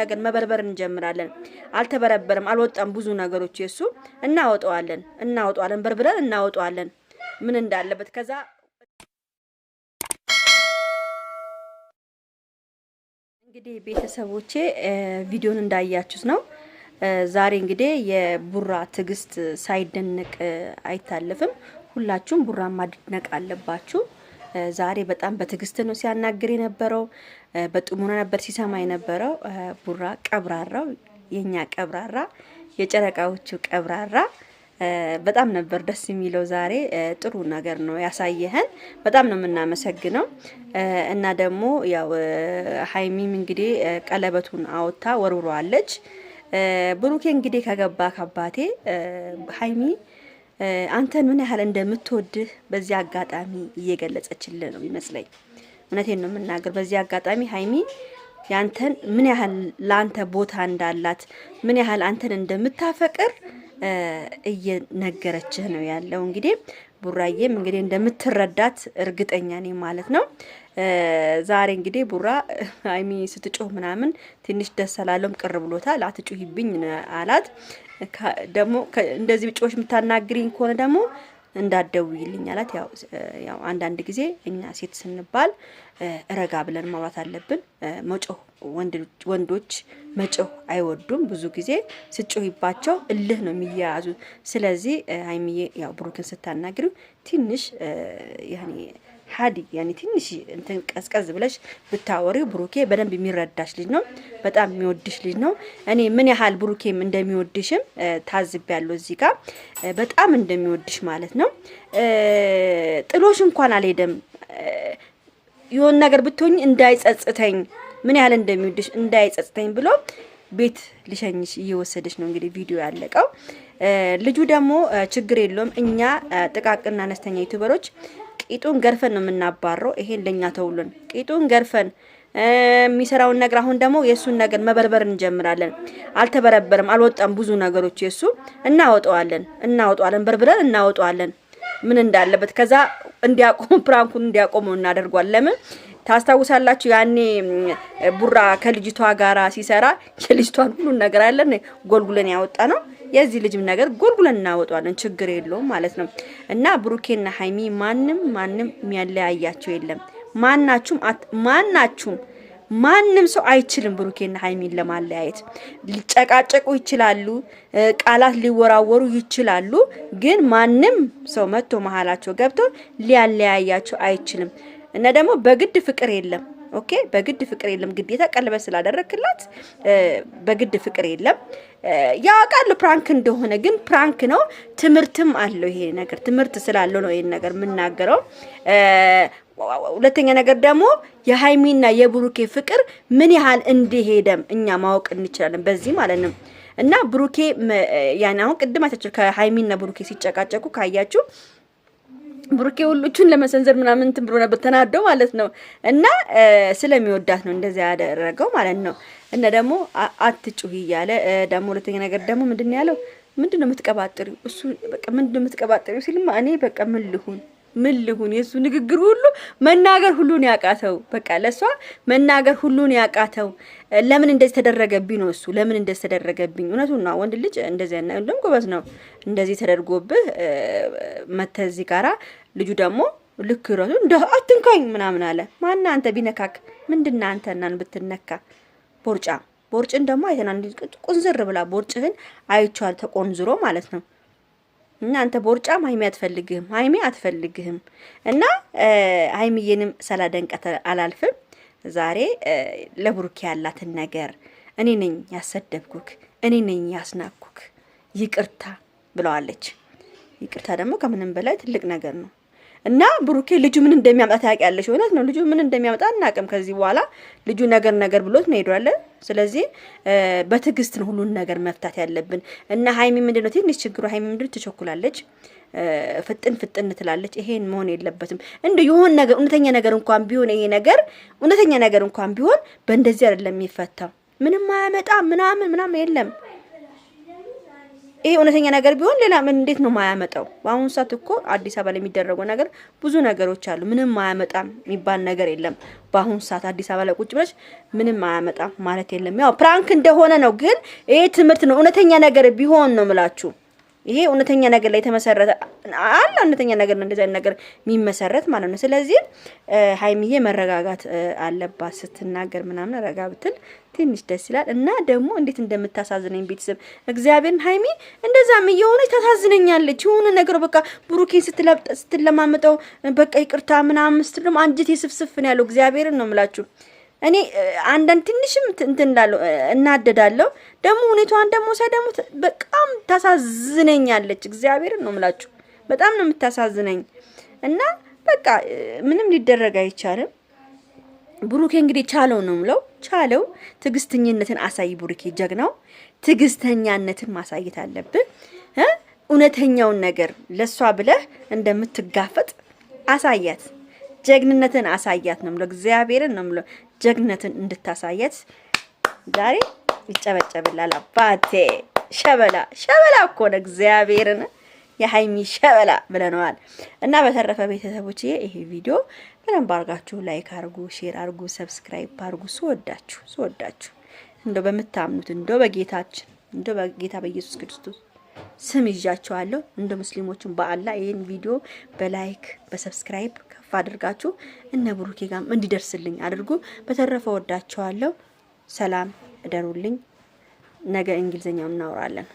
ነገር መበርበር እንጀምራለን። አልተበረበረም፣ አልወጣም። ብዙ ነገሮች የሱ እናወጠዋለን፣ እናወጠዋለን በርብረን እናወጠዋለን ምን እንዳለበት ከዛ እንግዲህ ቤተሰቦቼ ቪዲዮን እንዳያችሁት ነው። ዛሬ እንግዲህ የቡራ ትዕግስት ሳይደንቅ አይታለፍም። ሁላችሁም ቡራ ማድነቅ አለባችሁ። ዛሬ በጣም በትግስት ነው ሲያናግር የነበረው። በጥሞና ነበር ሲሰማ የነበረው። ቡራ ቀብራራው፣ የኛ ቀብራራ፣ የጨረቃዎቹ ቀብራራ በጣም ነበር ደስ የሚለው። ዛሬ ጥሩ ነገር ነው ያሳየህን፣ በጣም ነው የምናመሰግነው። እና ደግሞ ያው ሀይሚም እንግዲህ ቀለበቱን አውጥታ ወርውረዋለች። ብሩኬ እንግዲህ ከገባ ከአባቴ ሀይሚ አንተን ምን ያህል እንደምትወድህ በዚህ አጋጣሚ እየገለጸችልህ ነው ይመስለኝ። እውነቴን ነው የምናገር። በዚህ አጋጣሚ ሀይሚ ያንተን ምን ያህል ለአንተ ቦታ እንዳላት ምን ያህል አንተን እንደምታፈቅር እየነገረችህ ነው ያለው እንግዲህ ቡራዬም እንግዲህ እንደምትረዳት እርግጠኛ ነኝ ማለት ነው። ዛሬ እንግዲህ ቡራ አይሚ ስትጮህ ምናምን ትንሽ ደስ አላለውም፣ ቅር ብሎታል። አትጩሂብኝ አላት። ደግሞ እንደዚህ ጮሽ የምታናግሪኝ ከሆነ ደግሞ እንዳትደውይልኝ አላት። ያው አንዳንድ ጊዜ እኛ ሴት ስንባል ረጋ ብለን ማውራት አለብን። መጮህ ወንዶች መጮህ አይወዱም። ብዙ ጊዜ ስጮህባቸው እልህ ነው የሚያያዙ። ስለዚህ ሀይሚዬ ያው ብሩክን ስታናግሪው ትንሽ ሀዲ ያኔ ትንሽ እንትን ቀዝቀዝ ብለሽ ብታወሪው ብሩኬ በደንብ የሚረዳሽ ልጅ ነው። በጣም የሚወድሽ ልጅ ነው። እኔ ምን ያህል ብሩኬም እንደሚወድሽም ያለው እዚህ ጋር በጣም እንደሚወድሽ ማለት ነው። ጥሎሽ እንኳን አልሄደም። የሆን ነገር ብትሆኝ እንዳይጸጽተኝ፣ ምን ያህል እንደሚወድሽ እንዳይጸጽተኝ ብሎ ቤት ልሸኝሽ እየወሰደች ነው። እንግዲህ ቪዲዮ ያለቀው ልጁ ደግሞ ችግር የለውም እኛ ጥቃቅንና አነስተኛ ዩቱበሮች ቂጡን ገርፈን ነው የምናባረው። ይሄን ለኛ ተውሉን። ቂጡን ገርፈን የሚሰራውን ነገር አሁን ደግሞ የእሱን ነገር መበርበር እንጀምራለን። አልተበረበርም አልወጣም። ብዙ ነገሮች የእሱ እናወጣዋለን፣ እናወጣዋለን፣ በርብረን እናወጣዋለን። ምን እንዳለበት ከዛ እንዲያቆሙ ፕራንኩን እንዲያቆሙ እናደርጓል። ለምን ታስታውሳላችሁ? ያኔ ቡራ ከልጅቷ ጋራ ሲሰራ የልጅቷን ሁሉን ነገር አለን ጎልጉለን ያወጣ ነው። የዚህ ልጅም ነገር ጎልጉለን እናወጣዋለን። ችግር የለውም ማለት ነው። እና ብሩኬና ሀይሚ ማንም ማንም የሚያለያያቸው የለም። ማናችሁም ማናችሁም ማንም ሰው አይችልም ብሩኬና ሀይሚን ለማለያየት። ሊጨቃጨቁ ይችላሉ፣ ቃላት ሊወራወሩ ይችላሉ። ግን ማንም ሰው መጥቶ መሀላቸው ገብቶ ሊያለያያቸው አይችልም። እና ደግሞ በግድ ፍቅር የለም ኦኬ። በግድ ፍቅር የለም ግዴታ ቀለበት ስላደረክላት በግድ ፍቅር የለም። ያ ቃል ፕራንክ እንደሆነ ግን ፕራንክ ነው። ትምህርትም አለው ይሄ ነገር ትምህርት ስላለው ነው ይሄን ነገር የምናገረው። ሁለተኛ ነገር ደግሞ የሀይሚና የብሩኬ ፍቅር ምን ያህል እንደሄደም እኛ ማወቅ እንችላለን በዚህ ማለት ነው። እና ብሩኬ ያን አሁን ቅድም አይታችሁ ከሀይሚና ብሩኬ ሲጨቃጨቁ ካያችሁ ብሩኬ ሁሎቹን ለመሰንዘር ምናምን እንትን ብሎ ነበር ተናዶ ማለት ነው። እና ስለሚወዳት ነው እንደዚያ ያደረገው ማለት ነው። እና ደግሞ አትጩህ እያለ ደግሞ ሁለተኛ ነገር ደግሞ ምንድን ነው ያለው? ምንድን ነው የምትቀባጥሪው? እሱ በቃ ምንድን ነው የምትቀባጥሪው ሲልማ እኔ በቃ ምን ልሁን ምን ልሁን? የሱ ንግግር ሁሉ መናገር ሁሉን ያቃተው፣ በቃ ለእሷ መናገር ሁሉን ያቃተው። ለምን እንደዚህ ተደረገብኝ ነው እሱ ለምን እንደዚህ ተደረገብኝ። እውነቱ ነው። ወንድ ልጅ እንደዚህ እንደም ጎበዝ ነው። እንደዚህ ተደርጎብህ መተዚ ጋራ ልጁ ደግሞ ልክ ረቱ እንደ አትንካኝ ምናምን አለ። ማና አንተ ቢነካክ ምንድና አንተ እናን ብትነካ ቦርጫ ቦርጭን ደግሞ አይተና ቁንዝር ብላ ቦርጭህን አይቼዋለሁ ተቆንዝሮ ማለት ነው እናንተ ቦርጫም ሀይሚ አትፈልግህም፣ ሀይሚ አትፈልግህም። እና ሀይሚዬንም ሳላደንቀት አላልፍም። ዛሬ ለብሩኬ ያላትን ነገር እኔ ነኝ ያሰደብኩክ፣ እኔ ነኝ ያስናኩክ፣ ይቅርታ ብለዋለች። ይቅርታ ደግሞ ከምንም በላይ ትልቅ ነገር ነው። እና ብሩኬ ልጁ ምን እንደሚያመጣ ታውቂያለሽ? እውነት ነው። ልጁ ምን እንደሚያመጣ አናውቅም። ከዚህ በኋላ ልጁ ነገር ነገር ብሎት ነው ሄዷለን ስለዚህ በትዕግስት ነው ሁሉን ነገር መፍታት ያለብን እና ሀይሚ ምንድን ነው ትንሽ ችግሩ፣ ሀይሚ ምንድን ነው ትቸኩላለች፣ ፍጥን ፍጥን ትላለች። ይሄን መሆን የለበትም። እንደ የሆን ነገር እውነተኛ ነገር እንኳን ቢሆን ይሄ ነገር እውነተኛ ነገር እንኳን ቢሆን በእንደዚህ አይደለም የሚፈታው። ምንም አያመጣም ምናምን ምናምን የለም ይሄ እውነተኛ ነገር ቢሆን ሌላ ምን እንዴት ነው ማያመጣው? በአሁኑ ሰዓት እኮ አዲስ አበባ ላይ የሚደረገው ነገር ብዙ ነገሮች አሉ። ምንም ማያመጣም የሚባል ነገር የለም። በአሁኑ ሰዓት አዲስ አበባ ላይ ቁጭ ብለሽ ምንም ማያመጣም ማለት የለም። ያው ፕራንክ እንደሆነ ነው፣ ግን ይሄ ትምህርት ነው። እውነተኛ ነገር ቢሆን ነው ምላችሁ ይሄ እውነተኛ ነገር ላይ የተመሰረተ አለ። እውነተኛ ነገር ነው እንደዚህ ነገር የሚመሰረት ማለት ነው። ስለዚህ ሀይሚዬ መረጋጋት አለባት ስትናገር ምናምን ረጋ ብትል ትንሽ ደስ ይላል። እና ደግሞ እንዴት እንደምታሳዝነኝ ቤተሰብ እግዚአብሔርን ሀይሚ እንደዛም እየሆነች ታሳዝነኛለች። የሆነ ነገር በቃ ብሩኬን ስትለማመጠው በቃ ይቅርታ ምናምን ስትልም አንጀቴ ስፍስፍ ነው ያለው። እግዚአብሔርን ነው የምላችሁ። እኔ አንዳንድ ትንሽም እንዳለ እናደዳለሁ። ደግሞ ሁኔታዋን ደግሞ ሳይ ደግሞ በጣም ታሳዝነኛለች። እግዚአብሔርን ነው የምላችሁ፣ በጣም ነው የምታሳዝነኝ። እና በቃ ምንም ሊደረግ አይቻልም። ብሩኬ እንግዲህ ቻለው ነው ምለው፣ ቻለው። ትዕግስተኝነትን አሳይ ብሩኬ፣ ጀግናው። ትዕግስተኛነትን ማሳየት አለብን። እውነተኛውን ነገር ለእሷ ብለህ እንደምትጋፈጥ አሳያት። ጀግንነትን አሳያት ነው የምለው። እግዚአብሔርን ነው የምለው። ጀግንነትን እንድታሳያት ዛሬ ይጨበጨብላል። አባቴ ሸበላ ሸበላ እኮ ነው እግዚአብሔርን የሀይሚ ሸበላ ብለነዋል። እና በተረፈ ቤተሰቦች ይሄ ቪዲዮ በደንብ አርጋችሁ ላይክ አርጉ፣ ሼር አርጉ፣ ሰብስክራይብ አርጉ። ስወዳችሁ ስወዳችሁ እንደው በምታምኑት እንደው በጌታችን እንደው በጌታ በኢየሱስ ክርስቶስ ስም ይዣቸዋለሁ። እንደ ሙስሊሞችን በአላ ይህን ቪዲዮ በላይክ በሰብስክራይብ ከፍ አድርጋችሁ እነ ብሩኬ ጋም እንዲደርስልኝ አድርጉ። በተረፈ ወዳቸዋለሁ። ሰላም እደሩልኝ። ነገ እንግሊዝኛው እናወራለን።